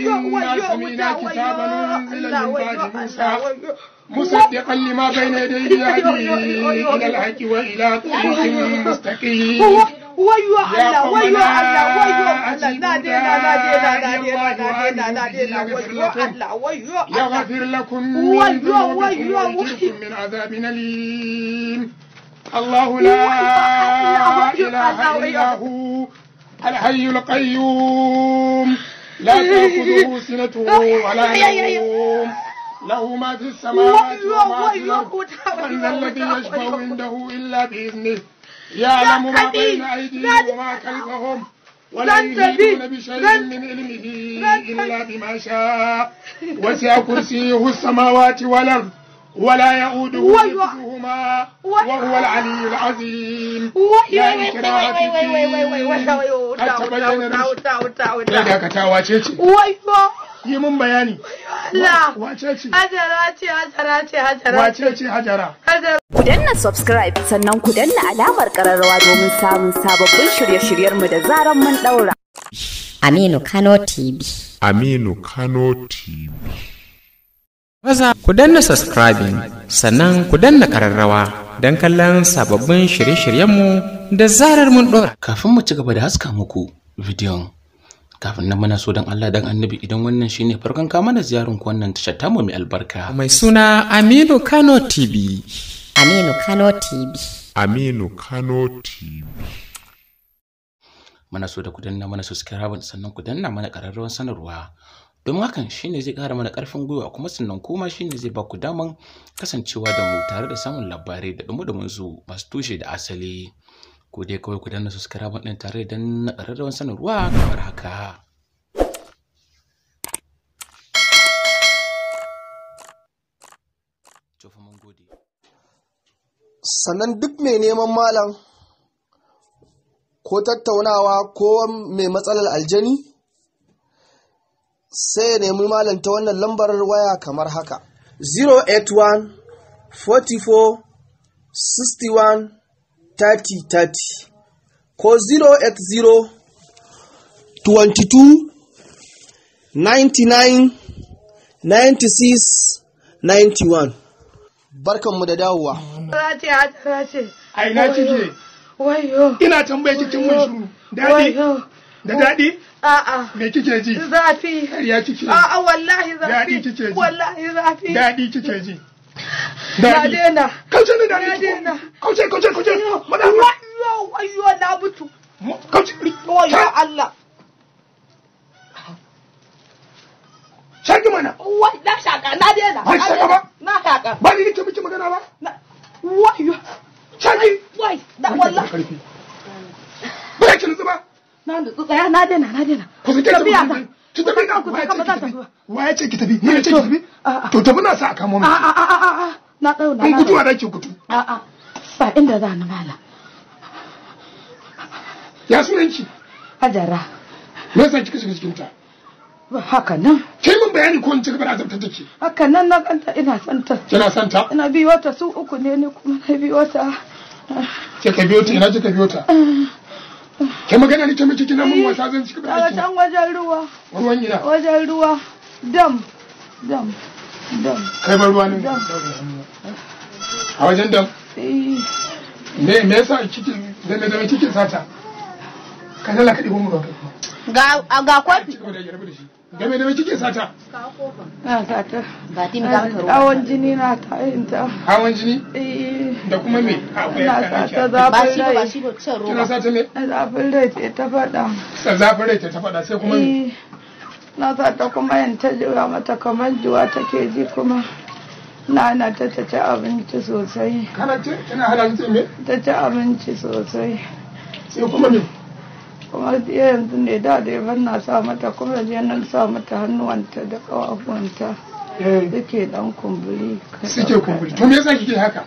من مصدقا لما بين يديه يهدي إلى الحق وإلى طريق مستقيم ويو الله ويو الله ويو الله نادينا نادينا نادينا نادينا يغفر لكم من ذنوبكم من عذاب أليم الله لا إله إلا هو الحي القيوم لا تأخذه سنة ولا نوم له ما في السماوات وما في الأرض من الذي يشفع عنده إلا بإذنه يعلم ما بين أيديهم وما خلفهم ولا يحيطون بشيء من علمه إلا بما شاء وسع كرسيه السماوات والأرض ولا يؤوده حفظهما وهو العلي العظيم لا ku danna subscribe sannan ku danna alamar kararrawa domin samun sababbin shirye-shiryenmu da zaran mun daura Aminu Kano TV Aminu Kano TV Maza ku danna subscribing sannan ku danna ƙararrawa don kallon sababbin shirye-shiryenmu da zarar mun ɗora. Kafin mu ci gaba da haska muku bidiyon, kafin nan muna so don Allah don annabi idan wannan shi ne farkon kama da ziyarun ku wannan tashar tamu mai albarka. Mai suna Aminu Kano TV. Aminu Kano TV. Aminu Kano TV. Muna so da ku danna mana subscribing sannan ku danna mana ƙararrawar sanarwa. don hakan shine zai kara mana karfin gwiwa kuma sannan kuma shine zai ba ku daman kasancewa da mu tare da samun labarai da dumu su masu tushe da asali ko dai kawai ku danna subscribe ɗin tare da na ƙararrawan sanarwa kamar haka sannan duk mai neman malam ko tattaunawa ko mai matsalar aljani sai ya nemi malam ta wannan lambar waya kamar haka 081 44 61 30 30 ko 080 22 99 96 91 barkanmu da dawowa a ina kike wayo ina tambaye cikin mai shuru dadi da dadi A'a. Me kike ji? Zafi. Ƙarya kike. A'a wallahi zafi. Daɗi kike ji. Wallahi zafi. Daɗi kike ji. Daɗi. Na daina. Kauce ni daɗi. Na daina. Kauce kauce kauce. Mada. Ayyo ayyo na mutu. Kauce. Wayo Allah. Shaki mana. Wai na shaka na daina. Ba shaka ba. Na shaka. Ba ni nake miki magana ba. Na. Wayo. Shaki. Wai da wallahi. Ba ki nutsu zuba. na nutsu tsaya na dena na dena ku fita ki tafi ki tafi ka ku kama ta tafi wa ya ce ki tafi ni ya ce ki tafi to tafi na sa a kamo mu a a a a na dau na in gudu a dake gudu a a ba inda za ni mala ya sunan ki hajara me yasa kika shiga cikin ta Ba haka nan kai mun bayani ko in ci gaba da azabtar take haka nan na kanta ina santa kina santa ina biyo ta su uku ne ni kuma na biyo ta ke biyo ta ina ce ka biyo ta ke magana ni ta miki kina mun eh, wasa zan cika a can wajen ruwa ruwan gida wajen ruwa dam dam dam kai ba ruwa ne a wajen dam eh. me me yasa kike da me da kike sata ka dala ka ɗibo mu ba kuma ga ga kofi game da kike sata ka kofa na sata ga tim ga mata hawan jini na ta ta. hawan jini eh. da kuma me na sata zafin rai ba shi ba cin roba kina sata me zafin rai ce ta faɗa zafin rai ce ta fada sai kuma me eh. na sata kuma yan ta jira mata kamar juwa take ji kuma na na ta ta ci abinci sosai kana ce kina hana ta me ta ci abinci sosai sai kuma me Kuma yanzu ne da da ya na sa mata kuma je nan sa mata hannuwanta da kawafuwanta eh. suke dan kumburi suke kumburi to me yasa kike haka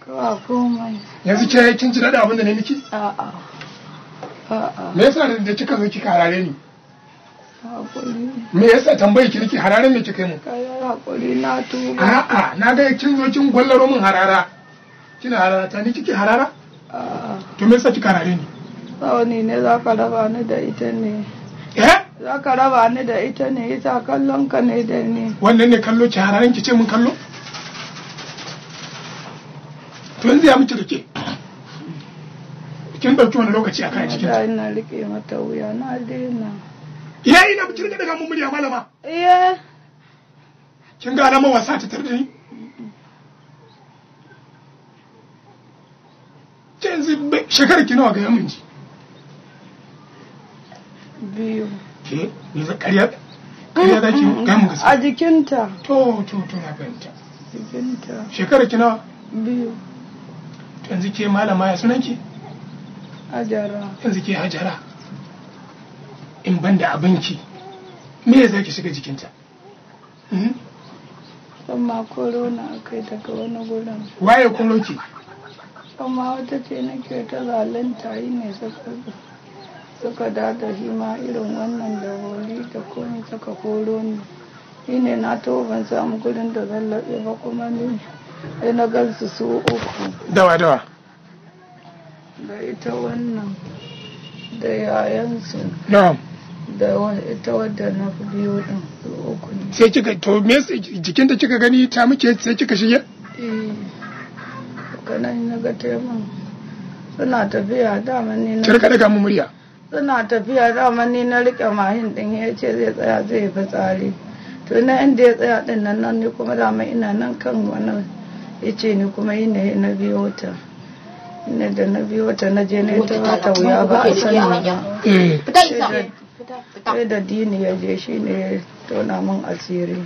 kawa komai yanzu ke kin ji dada abin da ne miki a a me yasa da kika zo kika harare ni me yasa tambayi ki nake hararen me kika yi mu hakuri na tuba a'a na ga kin zo kin gwallaro min harara kina harara ta ni kike harara to me yasa kika harare ni tsawani ne za ka raba ni da ita ne eh? za ka raba ni da ita ne ita kallon ka ne da ni wannan ne kallo ki hararin ki ce mun kallo to yanzu ya miki rike kin dauki wani lokaci a kan cikin ta ina rike mata wuya na dena. iya ina miki rike daga mun murya malama iya eh. kin ga alamar wasa ta tarda ni yanzu shekarar ki nawa ga yamin ji Eh, a jikinta to to na fahimta shekara ki nawa biyu yanzu ke malama ya sunan hajara yanzu ke hajara in ban da abinki me za ki shiga jikinta hmm? amma korona kai daga wani gurin waye kun roki amma wata ce nake ta zalunta yi ne zaka suka dada hima irin wannan da holi da komi suka koro ni ni ne na to ban samu gurin da zan laɓe ba kuma ni sai na gansu su uku dawa dawa da ita wannan da yayansu na'am da ita wadda na biyo din su uku ne sai kika to me jikin da kika gani ta muke sai kika shige eh kana na ga taimun suna tafiya dama ne na kirka daga mu murya suna tafiya damani na rike mahin din ya ce zai tsaya zai yi fitsari to na inda ya tsaya din nan nan ne kuma dama ina nan kan wannan ya ce ni kuma yi na biyo ta ina da na biyo ta na je na ta mata wuya ba a sani sai da dini ya je shi ne ya tona min asiri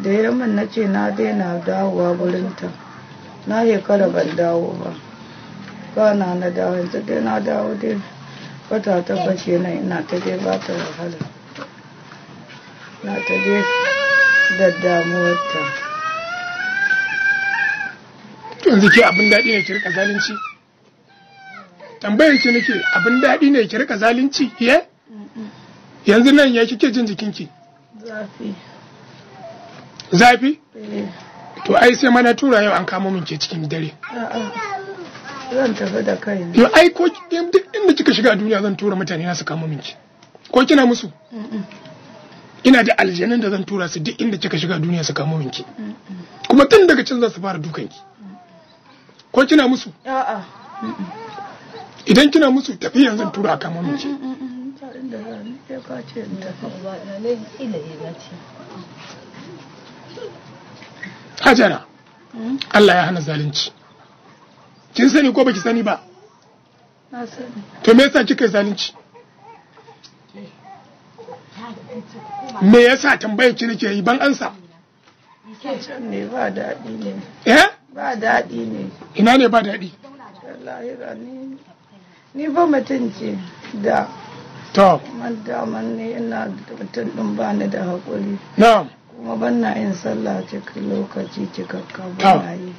da ya min na ce na daina dawowa wurinta na shekara ban dawo ba na na dawo yanzu dai na dawo dai wata takwas kenan ina ta dai ba ta wahala na ta dai da damuwarta yanzu ke abin daɗi ne ki rika zalunci tambayar ki nake abin daɗi ne ki rika zalunci ye yanzu nan ya kike jin jikinki zafi zafi eh. to ai sai mana tura yau an kamo min ke cikin dare a'a Zan tafi da kai. Yo ai ko duk inda kika shiga duniya zan tura mutane na su kama minki. Ko kina musu? Ina da aljanin da zan tura su duk inda kika shiga duniya su kama minki. Kuma tun daga can za su fara ki. Ko kina musu? A'a. Idan kina musu yanzu zan tura kama minki. Hajara, mm. Allah ya hana zalunci. kin sani ko baki sani ba to me yasa kika zalunci me yasa tambayar ki nake yi ban ansa ne ba daɗi ne eh ba daɗi ne ina ne ba daɗi ni ba ce da to daman ne ina mutum ɗin ba ni da haƙuri na'am kuma ban na yin sallah cikin lokaci cikakka ba yi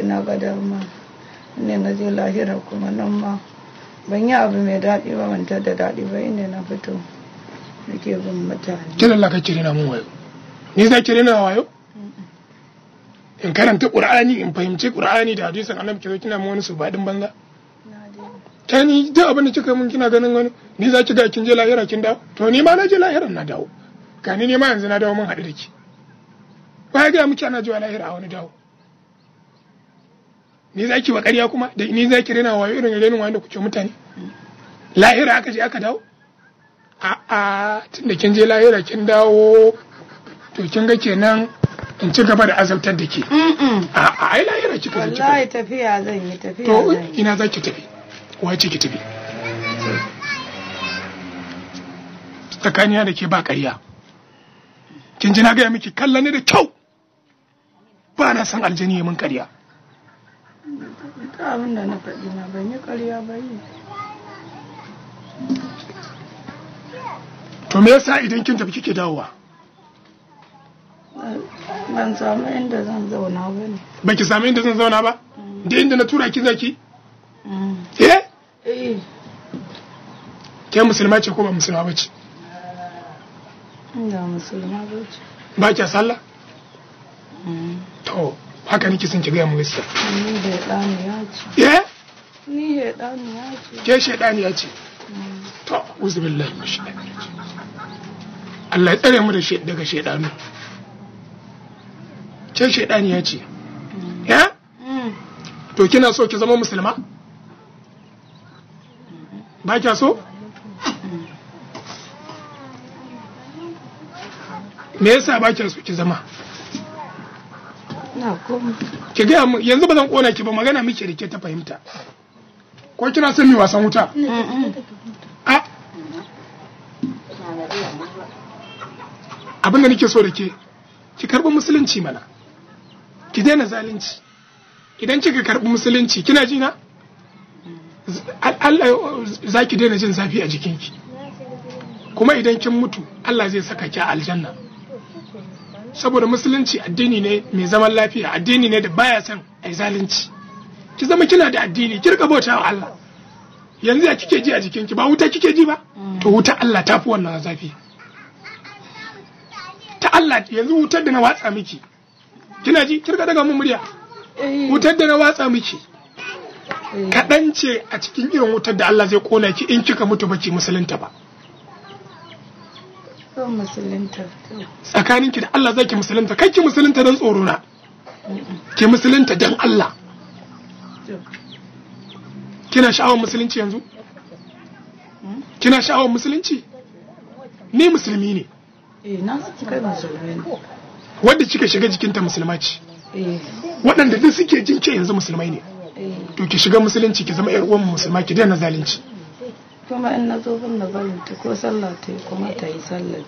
ina ga dama ne na je lahira kuma nan ma ban yi abu mai daɗi ba wanta da daɗi ba inda na fito nake bin mutane kira Allah ka kire na mun wayo ni za kire na wayo in karanta qur'ani in fahimci qur'ani da hadisin annabi kiro kina mun wani su baɗin banza ta ni duk abin da kika mun kina ganin wani ni za ki ga kin je lahira kin dawo to ni ma na je lahiran na dawo ka ni ma yanzu na dawo mun haɗu da ki ba ya ga muke ana jiwa lahira a wani dawo ni za ki wa ƙarya kuma da ni za ki rena wayo irin renin wayo da kuke mutane lahira aka je aka dawo a'a tunda kin je lahira kin dawo to kin ga kenan in ci gaba da azabtar da ke a'a ai lahira ki ka wallahi tafiya zan yi tafiya to ina za ki tafi wace ki tafi tsakaniya da ke ba ƙarya kin ji na gaya miki kallani da kyau ba na san aljani mun ƙarya ta abin da na faɗi na ban yi ƙarya ba yi to me yasa idan kin tafi kike dawowa ban samu inda zan zauna ba ne Ban ki samu inda zan zauna ba mm. da inda na tura ki zaki mm. eh? eh ke musulma ce ko ba musulma ba ce ba musulma ba ce ba kya sallah mm. to haka nake son ki gaya mu gaskiya ni ya ce eh ni ya ce ke shaidaniya ce to uzu ma min Allah ya tsare mu da daga shaidanu ke ya ce mm. eh mm. to kina so ki zama musulma ba kya so mm. me yasa ba kya so ki zama ki gaya mu yanzu ba zan kona ki ba magana miki rike ta fahimta ko kina son mi wasan wuta abin da nake so da ke ki karbi musulunci mana ki daina zalunci idan kika karbi musulunci kina ji na Allah za ki daina jin zafi a jikinki kuma idan kin mutu Allah zai saka ki a aljanna saboda musulunci addini ne mai zaman lafiya addini ne da baya son ai zalunci ki zama kina da addini ki rika bauta wa Allah yanzu ya kike ji a ki, ba wuta kike ji ba mm. to wuta Allah ta fi wannan zafi ta Allah yanzu wutar da na watsa miki kina ji kirka daga mun murya eh. wutar da na watsa miki eh. kaɗan ce a cikin irin wutar da Allah zai kona ki in kika mutu baki musulunta ba Zan ki da Allah ki musulunta, kai ki musulunta don tsoro na. Ki musulunta don Allah. Kina sha'awar musulunci yanzu? Hmm? Kina sha'awar musulunci? Ni eh, musulmi ne. Wadda kika shiga jikinta musulma ce. Eh. Waɗanda duk suke jinke yanzu musulmai ne. Eh. To ki shiga musulunci ki zama 'yar uwan musulma ki daina zalunci. kuma in na zo ban na barin ta ko sallah ta yi kuma ta yi sallah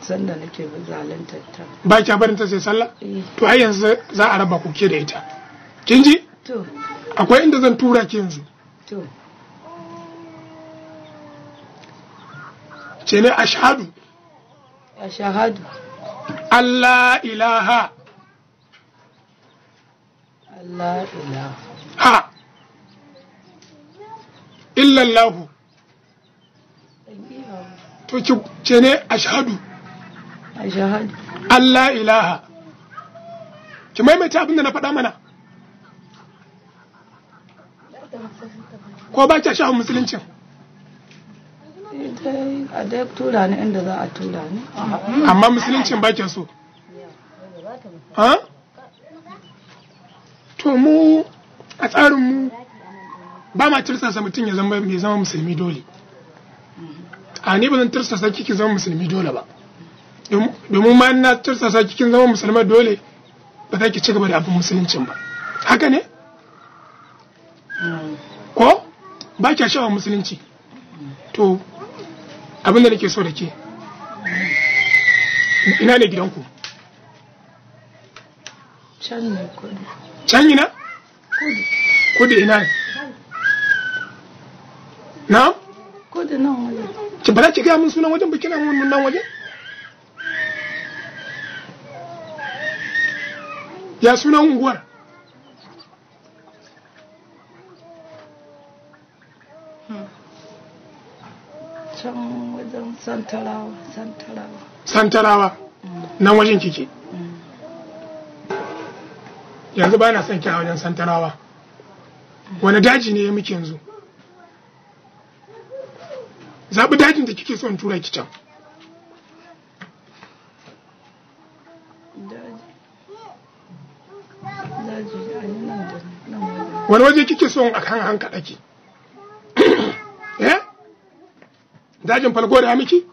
sanda nake zalunta ta ba kya barin ta sai sallah eh. to ai yanzu za a raba kuke da ita kin ji to akwai inda zan tura ki yanzu to ce ne ashadu. ashhadu Allah ilaha Allah ilaha ha illallahu to ki ce ne A shahadu. Allah ilaha ki maimaita abin da na faɗa mana ko ba ki shahun musuluncin a da tura ne inda za a tura ne amma musuluncin ba ki so ha to mu a tsarin mu ba ma tirsasa mutum ya zama musulmi dole a ni ba zan tursasa kiki zama musulmi dole ba domin ma na tursasa kikin zama musulma dole ba za ki ci gaba da abin musuluncin ba haka ne ko ba kya shawar musulunci to abin da nake so da ke ina ne gidanku can ne kudu can ina kudu ina ne na kudu nan wani ki ba za ki gaya mun sunan wajen ba kina mun nan wajen ya sunan unguwar santarawa santarawa santarawa nan wajen kike yanzu ba na son kya wajen santarawa wani daji ne ya muke yanzu zaɓi dajin da kike son tura ki can wani waje kike son a kan hanka ɗaki eh dajin falgo da miki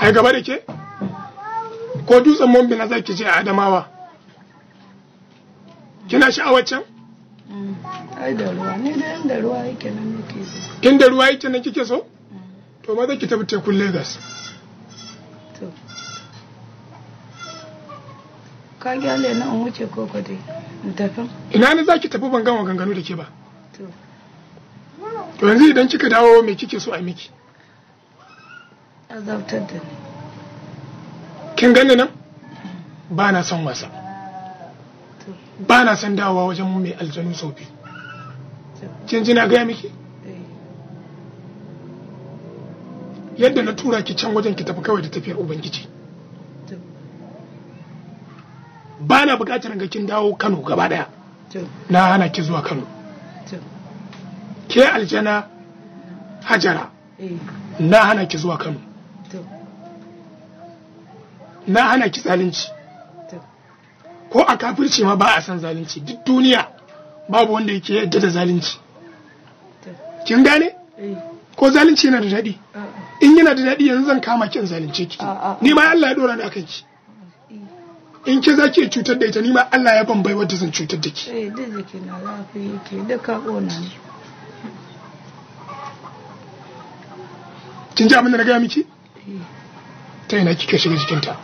ai gaba da ke ko dutsen mombi na zaki je a adamawa kina sha'awar can ai da ruwa inda ruwa yake nan ruwa kike so to ma zai ki tafi tekun Lagos to ka gyale na an wuce koko dai in tafi ina ne zaki tafi ban gama ganganu da ke ba to to yanzu idan kika dawo me kike so a miki azabtar da ni kin gane nan ba na son wasa ba na san dawowa wajen mai aljanu sau biyu kin na gaya miki yadda na tura ki can wajen ki tafi kawai da tafiyar ubangiji ba na bukatar ga kin dawo kano gaba daya na hana ki zuwa kano ke aljana hajara na hana ki zuwa kano na hana ki zalunci ko a kafirci ma ba a san zalunci duk duniya babu wanda yake yadda da zalunci kin gane eh. ko zalunci yana da daɗi in yana da daɗi yanzu zan kama kin zalunce ki ni ma Allah ya dora ni akan ki eh. in ki zaki cutar da ita ni ma Allah ya bambai wanda zan cutar da ki eh, kin ji abin da na gaya miki ta yana kika shiga jikinta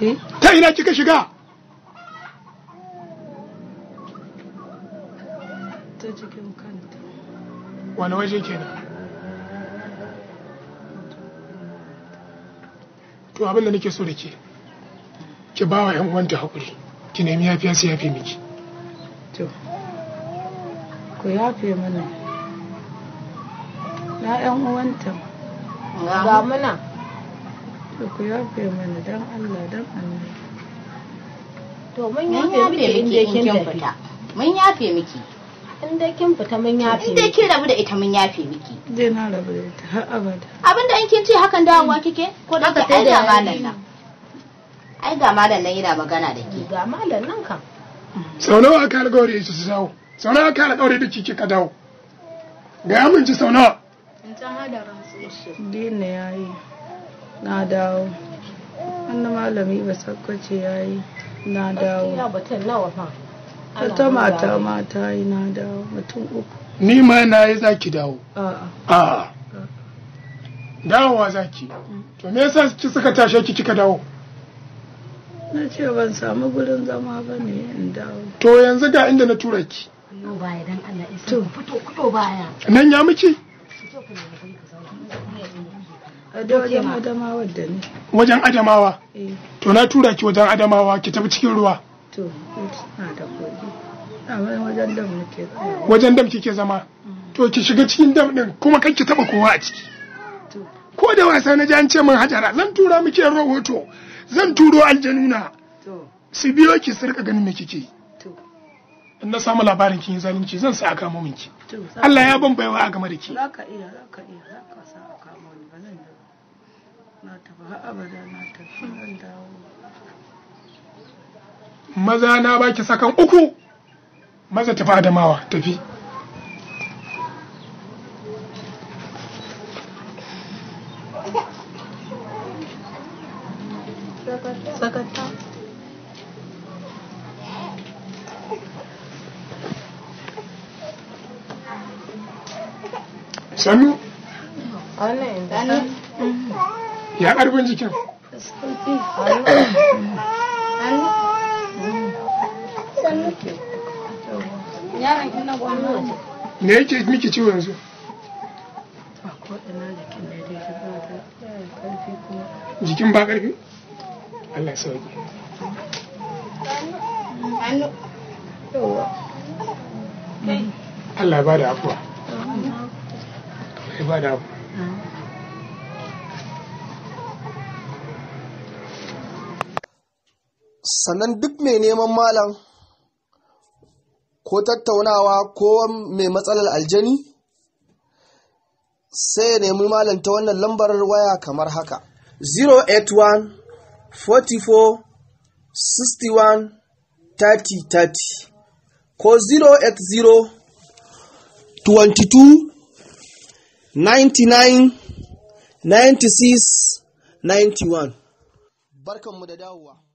Eh? ta ina kika shiga ta cikin kanta wani waje ke da to abinda nake so da ke ki ba wa 'yan uwanta haƙuri ki nemi ya yafiya sai fiye miki to ku ya fiye mana na 'yan uwanta ga muna da ku yafe mana don Allah don Allah. To mun yafe miki in dai kin fita. Mun yafe miki. In dai kin fita mun yafe. In dai kin rabu da ita mun yafe miki. Dai na rabu da ita har abada. Abinda in kin ce hakan dawowa hmm. kike ko da ka ai da malam nan. Ai ga malam nan yana magana da ke. Ga malam nan kam. Sau nawa aka alƙawari su su dawo? Sau nawa aka alƙawari da kike ka dawo? Ga mun ci sau nawa? In ta hada rantsu. Dina yayi. na dawo wannan malami ba sakwace ya yi na dawo ta mata mata yi na dawo mutum uku ni ma na yi za ki dawo a'a dawowa za ki to me yasa suka tashe ki kika dawo na ce ban samu gurin zama ba ne in dawo to yanzu ga inda na tura ki nan ya miki wajen adamawa eh. to na tura ki wajen adamawa ki tafi cikin ruwa wajen dam zama kike zama mm. to ki shiga cikin dam din kuma kan ki taba kowa a ciki ko da wasa na ji an ce min hajara zan tura miki rahoto zan turo aljanuna su biyo ki sirka ganin me kike yi in na samu labarin kin zalunci zan sa aka mu ki Allah ya ban baiwa a game da ki zaka iya zaka iya zaka sa aka mu ni bazan da na tafi abada na tafi nan dawo maza na baki sakan uku maza tafi adamawa tafi sakata sannu ya karfin jikin yake miki ciwo yanzu Allah sauki Allah ba da afuwa ba da abu sannan duk mai neman malam ko tattaunawa ko mai matsalar aljani sai ya nemi malam ta wannan lambar waya kamar haka 081 44 61 30 30 ko 080 22 99 96 91 barkanmu da dawowa